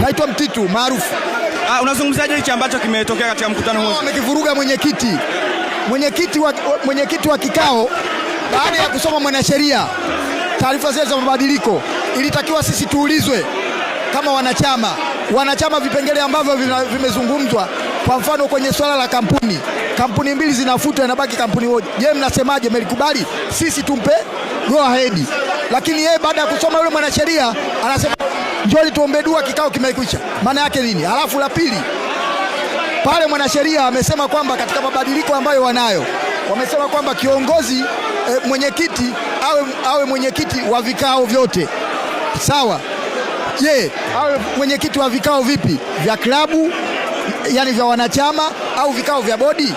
naitwa Mtitu maarufu. Ah, unazungumzaje hichi ambacho kimetokea katika mkutano huu? Amekivuruga oh, mwenyekiti mwenyekiti wa, mwenyekiti wa kikao baada ya kusoma mwanasheria taarifa zile za mabadiliko, ilitakiwa sisi tuulizwe kama wanachama wanachama vipengele ambavyo vimezungumzwa kwa mfano kwenye swala la kampuni, kampuni mbili zinafutwa, inabaki kampuni moja. Je, mnasemaje? melikubali Sisi tumpe go ahead. Lakini yeye baada ya kusoma yule mwanasheria anasema njoli tuombe dua, kikao kimekwisha. Maana yake nini? alafu la pili pale mwanasheria amesema kwamba katika mabadiliko ambayo wanayo wamesema kwamba kiongozi e, mwenyekiti awe, awe mwenyekiti wa vikao vyote sawa. Je, yeah, awe mwenyekiti wa vikao vipi? Vya klabu, yani vya wanachama au vikao vya bodi?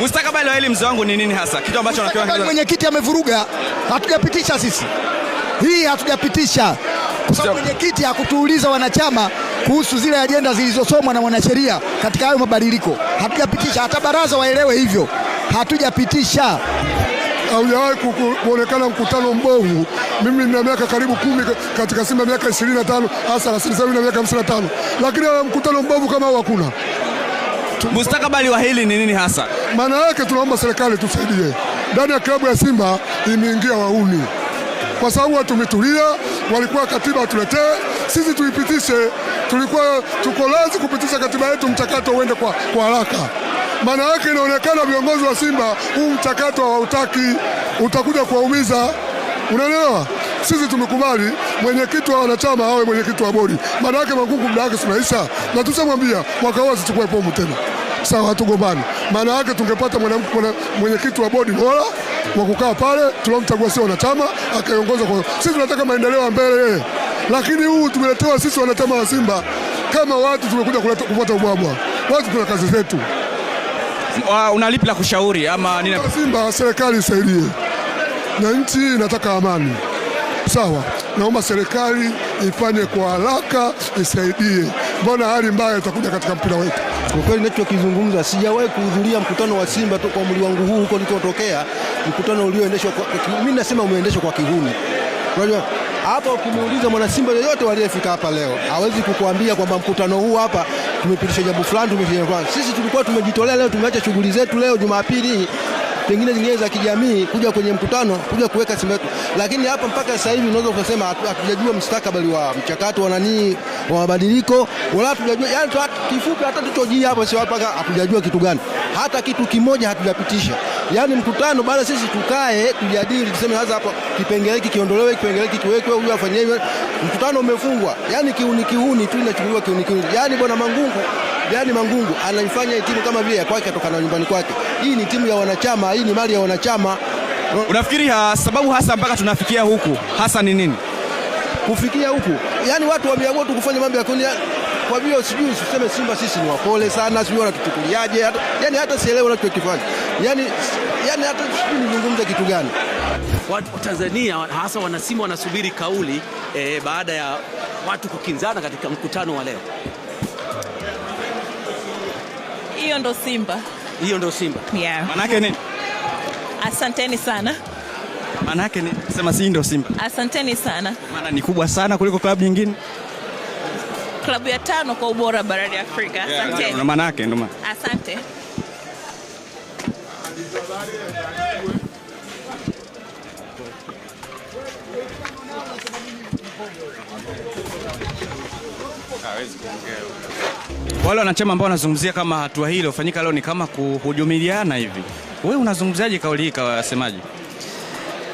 Mustakabali wa elimu zangu ni nini hasa? Kitu ambacho mwenyekiti amevuruga, hatujapitisha sisi hii hatujapitisha kwa sababu mwenyekiti hakutuuliza wanachama kuhusu zile ajenda zilizosomwa na mwanasheria katika hayo mabadiliko. Hatujapitisha, hata baraza waelewe hivyo, hatujapitisha. Haujawahi kuonekana mkutano mbovu. Mimi nina miaka karibu kumi katika Simba, miaka 25 hasa 30 na miaka 55, lakini mkutano mbovu kama huu hakuna. Mustakabali wa hili ni nini hasa? Maana yake tunaomba serikali tusaidie, ndani ya klabu ya Simba imeingia wauni, kwa sababu watu wametulia, walikuwa katiba watuletee sisi tuipitishe. Tulikuwa tuko lazi kupitisha katiba yetu, mchakato uende kwa, kwa haraka. Maana yake inaonekana viongozi wa Simba huu mchakato hawautaki, utakuja kuwaumiza. Unaelewa? Sisi tumekubali mwenyekiti wa wanachama awe mwenyekiti wa bodi, maana yake Mangungu muda wake tunaisha, na tushamwambia mwaka huu asichukue tena sawa, hatugombani. Maana yake tungepata mwenyekiti mwenye, wa bodi bora wa kukaa pale tuliomchagua sio wanachama, akaiongoza kwa sisi. Tunataka maendeleo ya mbele yeye, lakini huu tumeletewa sisi wanachama wa Simba kama watu tumekuja kupata ubwabwa. Watu tuna kazi zetu. Ah, Unalipi la kushauri ama nina... Simba serikali isaidie na nchi inataka amani, sawa. Naomba serikali ifanye kwa haraka, isaidie. Mbona hali mbaya itakuja katika mpira wetu? Kwa kweli ninachokizungumza, sijawahi kuhudhuria mkutano wa Simba tu kwa mli wangu huu huko nilikotokea, mkutano ulioendeshwa mimi nasema umeendeshwa kwa kihuni. Unajua hapa ukimuuliza mwana Simba yoyote aliyefika hapa leo hawezi kukuambia kwamba mkutano huu hapa tumepitisha jambo fulani, tumepitisha jambo fulani. Sisi tulikuwa tumejitolea leo, tumeacha shughuli zetu leo Jumapili pengine zingine za kijamii, kuja kwenye mkutano, kuja kuweka simu yetu. Lakini hapa mpaka sasa hivi unaweza ukasema hatujajua mustakabali wa mchakato wa nani wa mabadiliko, wala hatujajua yani, kifupi hata tuchojii hapo sio hapa, hatujajua kitu gani, hata kitu kimoja hatujapitisha. Yani mkutano bado sisi tukae tujadili, tuseme sasa hapa kipengele hiki kiondolewe, kipengele hiki kiwekwe, huyu afanyaje? Mkutano umefungwa, yani, kiuni kiuni tu inachukuliwa kiuni kiuni, yaani bwana Mangungu yani Mangungu anaifanya timu kama vile ya kwake atokana nyumbani kwake. Hii ni timu ya wanachama, hii ni mali ya wanachama. Unafikiri ha, sababu hasa mpaka tunafikia huku hasa ni nini? Kufikia huku yani watu wameamua tu kufanya mambo ya kuni, kwa vile sijui usiseme Simba sisi ni wapole sana, sijui wanatuchukuliaje hata, yani hata sielewi wanachokifanya yani, yani hata sijui nizungumza kitu gani. Watanzania hasa wanasimba wanasubiri kauli eh, baada ya watu kukinzana katika mkutano wa leo. Hiyo ndo Simba, hiyo ndo Simba. Yeah. Manake ni Asanteni sana. Manake ni Sema si ndo Simba. Asanteni sana. Maana ni kubwa sana kuliko klabu nyingine. Klabu ya tano kwa ubora barani Afrika. Asanteni. Yeah, manake ndo maana. Asante. Ah, hawezi kuongea. Wale wanachama ambao wanazungumzia kama hatua hii iliyofanyika leo ni kama kuhujumiliana hivi, wewe unazungumziaje kauli hii kwa wasemaji?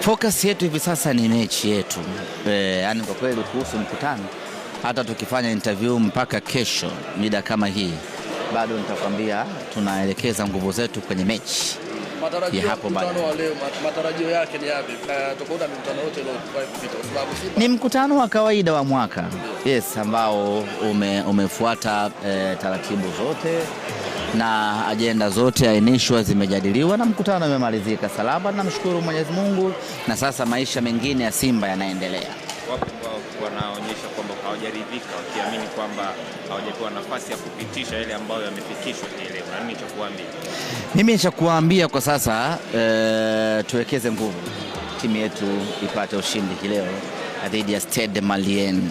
Focus yetu hivi sasa ni mechi yetu e, yani kwa kweli kuhusu mkutano, hata tukifanya interview mpaka kesho mida kama hii, bado nitakwambia tunaelekeza nguvu zetu kwenye mechi hapo Matarajio yake ni yapi tofauti na Kwa sababu ni mkutano wa kawaida wa mwaka yes, ambao ume, umefuata e, taratibu zote na ajenda zote ainishwa, zimejadiliwa na mkutano umemalizika salama, namshukuru Mwenyezi Mungu, na sasa maisha mengine ya Simba yanaendelea wanaonyesha kwamba hawajaridhika, wakiamini kwamba hawajapewa nafasi ya kupitisha yale ambayo yamefikishwa hii leo. Na nini cha kuambia? Mimi cha kuambia kwa sasa e, tuwekeze nguvu timu yetu ipate ushindi hii leo dhidi ya Stade Malien.